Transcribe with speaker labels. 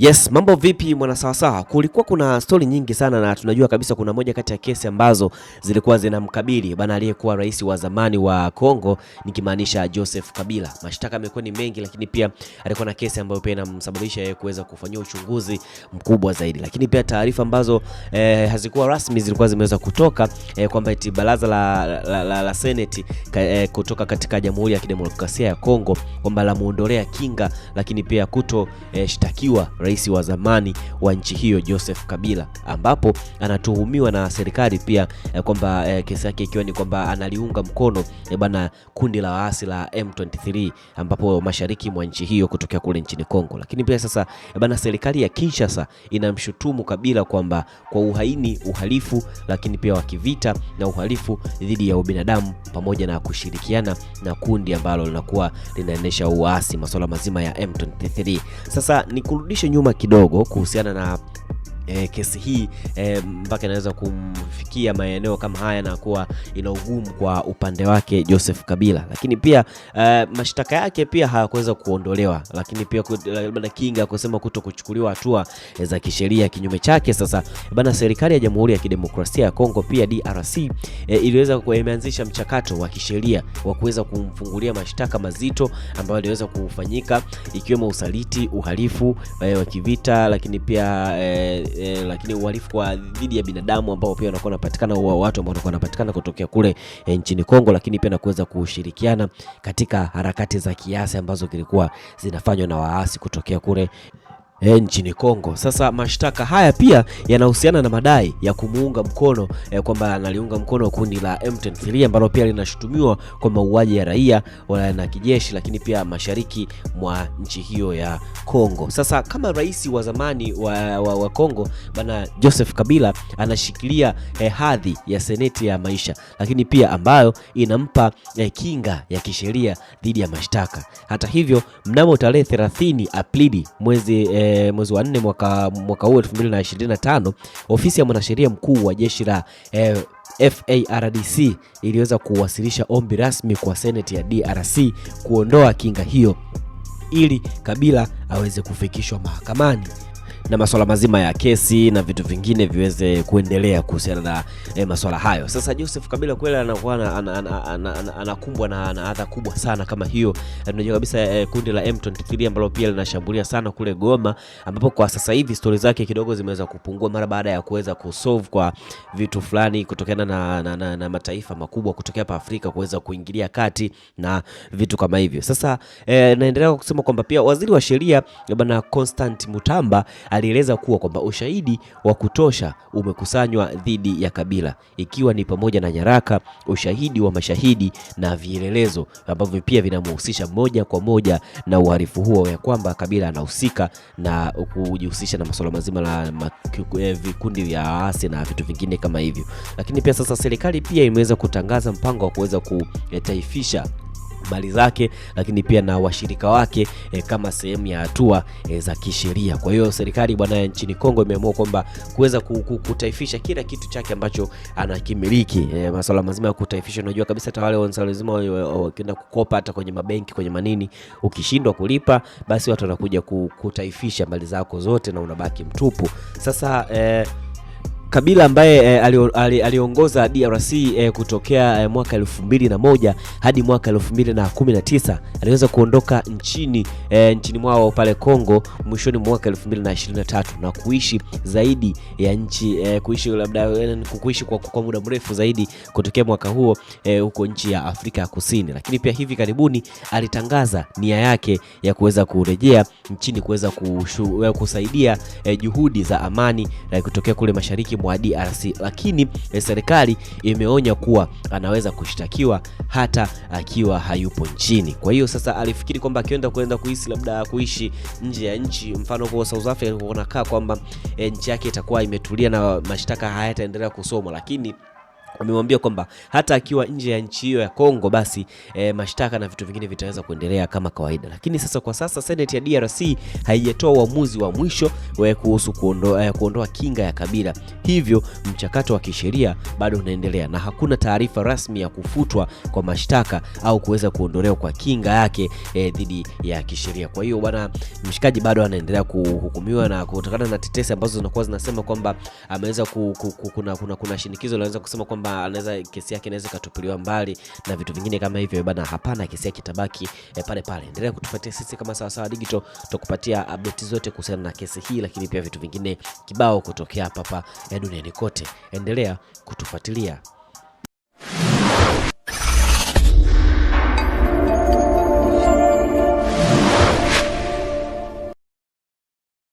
Speaker 1: Yes, mambo vipi mwana sawa? Kulikuwa kuna stori nyingi sana na tunajua kabisa kuna moja kati ya kesi ambazo zilikuwa zinamkabili bana aliyekuwa rais wa zamani wa Kongo nikimaanisha Joseph Kabila. Mashtaka yamekuwa ni mengi, lakini pia alikuwa na kesi ambayo pia inamsababisha yeye kuweza kufanyia uchunguzi mkubwa zaidi. Lakini pia taarifa ambazo eh, hazikuwa rasmi zilikuwa zimeweza kutoka eh, kwamba eti baraza la, la, la, la, la Seneti ka, eh, kutoka katika Jamhuri ya Kidemokrasia ya Kongo kwamba la muondolea kinga, lakini pia kuto eh, shtakiwa rais wa zamani wa nchi hiyo Joseph Kabila, ambapo anatuhumiwa na serikali pia eh, kwamba eh, kesi yake ikiwa ni kwamba analiunga mkono eh, bana kundi la waasi la M23 ambapo mashariki mwa nchi hiyo kutokea kule nchini Kongo. Lakini pia sasa eh, bana serikali ya Kinshasa inamshutumu Kabila kwamba kwa uhaini, uhalifu lakini pia wa kivita na uhalifu dhidi ya ubinadamu pamoja na kushirikiana na kundi ambalo linakuwa linaendesha uasi masuala mazima ya M23. Sasa nikurudishe nyuma kidogo kuhusiana na eh, kesi hii eh, mpaka inaweza kumfikia maeneo kama haya na kuwa ina ugumu kwa upande wake Joseph Kabila, lakini pia eh, mashtaka yake pia hayakuweza kuondolewa, lakini pia bana kinga kusema kuto kuchukuliwa hatua eh, za kisheria kinyume chake. Sasa bana, serikali ya Jamhuri ya Kidemokrasia ya Kongo pia DRC eh, iliweza imeanzisha mchakato wa kisheria wa kuweza kumfungulia mashtaka mazito ambayo aliweza kufanyika ikiwemo usaliti, uhalifu eh, wa kivita, lakini pia e, eh, lakini uhalifu kwa dhidi ya binadamu ambao pia wanakuwa wanapatikana wa watu ambao wanakuwa wanapatikana kutokea kule eh, nchini Kongo, lakini pia na kuweza kushirikiana katika harakati za kiasi ambazo zilikuwa zinafanywa na waasi kutokea kule E, nchini Kongo. Sasa mashtaka haya pia yanahusiana na madai ya kumuunga mkono e, kwamba analiunga mkono kundi la M23 ambalo pia linashutumiwa kwa mauaji ya raia wala na kijeshi, lakini pia mashariki mwa nchi hiyo ya Kongo. Sasa kama rais wa zamani wa, wa, wa Kongo bana Joseph Kabila anashikilia e, hadhi ya seneti ya maisha, lakini pia ambayo inampa e, kinga ya kisheria dhidi ya mashtaka. Hata hivyo mnamo tarehe 30 Aprili mwezi e, mwezi wa 4 mwaka mwaka huu 2025 ofisi ya mwanasheria mkuu wa jeshi la eh, FARDC iliweza kuwasilisha ombi rasmi kwa seneti ya DRC kuondoa kinga hiyo ili Kabila aweze kufikishwa mahakamani na masuala mazima ya kesi na vitu vingine viweze kuendelea kuhusiana na eh, masuala hayo. Sasa Joseph Kabila kweli anakuwa anakumbwa na adha kubwa sana kama hiyo. Tunajua eh, kabisa eh, kundi la M23 ambalo pia linashambulia sana kule Goma, ambapo kwa sasa hivi stori zake kidogo zimeweza kupungua mara baada ya kuweza kusolve kwa vitu fulani kutokana na, na, na, na mataifa makubwa kutokea hapa Afrika kuweza kuingilia kati na vitu kama hivyo. Sasa eh, naendelea kusema kwamba pia waziri wa sheria bwana Constant Mutamba alieleza kuwa kwamba ushahidi wa kutosha umekusanywa dhidi ya Kabila, ikiwa ni pamoja na nyaraka, ushahidi wa mashahidi na vielelezo ambavyo pia vinamhusisha moja kwa moja na uhalifu huo, ya kwamba Kabila anahusika na kujihusisha na masuala mazima la eh, vikundi vya waasi na vitu vingine kama hivyo. Lakini pia sasa serikali pia imeweza kutangaza mpango wa kuweza kutaifisha habari zake, lakini pia na washirika wake e, kama sehemu ya hatua e, za kisheria. Kwa hiyo serikali bwana nchini Kongo imeamua kwamba kuweza kutaifisha kila kitu chake ambacho anakimiliki e, masuala mazima ya kutaifisha. Unajua kabisa hata wale lazima wakienda kukopa hata kwenye mabenki kwenye manini, ukishindwa kulipa basi watu wanakuja kutaifisha mali zako zote na unabaki mtupu. Sasa e, Kabila ambaye eh, aliongoza ali, ali DRC eh, kutokea eh, mwaka moja hadi mwaka tisa aliweza kuondoka nchini eh, nchini mwao pale Kongo mwishoni mwa mwaka 2023 na kuishi zaidi ya nchi eh, kuishi labda eh, kuishi kwa, kwa muda mrefu zaidi kutokea mwaka huo eh, huko nchi ya Afrika ya Kusini, lakini pia hivi karibuni alitangaza nia yake ya kuweza kurejea nchini kuweza eh, kusaidia eh, juhudi za amani na eh, kutokea kule mashariki mwa DRC, lakini eh, serikali imeonya kuwa anaweza kushtakiwa hata akiwa hayupo nchini. Kwa hiyo sasa alifikiri kwamba akienda kuenda kuishi labda kuishi nje ya nchi, mfano kwa South Africa, alikuwa anakaa kwamba eh, nchi yake itakuwa imetulia na mashtaka hayataendelea kusomwa, lakini amemwambia kwamba hata akiwa nje ya nchi hiyo ya Kongo basi e, mashtaka na vitu vingine vitaweza kuendelea kama kawaida. Lakini sasa kwa sasa Senate ya DRC haijatoa uamuzi wa mwisho eh, kuhusu kuondoa, eh, kuondoa kinga ya Kabila, hivyo mchakato wa kisheria bado unaendelea na hakuna taarifa rasmi ya kufutwa kwa mashtaka au kuweza kuondolewa kwa kinga yake e, dhidi ya kisheria. Kwa hiyo bwana mshikaji bado anaendelea kuhukumiwa na kutokana na tetesi ambazo zinakuwa zinasema kwamba ameweza kuna, kuna, kuna shinikizo laweza kusema kwamba kama anaweza kesi yake inaweza ikatupiliwa mbali na vitu vingine kama hivyo bana. Hapana, kesi yake itabaki e, pale pale. Endelea kutufuatia sisi kama Sawasawa Digital, tutakupatia update zote kuhusiana na kesi hii, lakini pia vitu vingine kibao kutokea hapa hapa eh, duniani kote. Endelea kutufuatilia.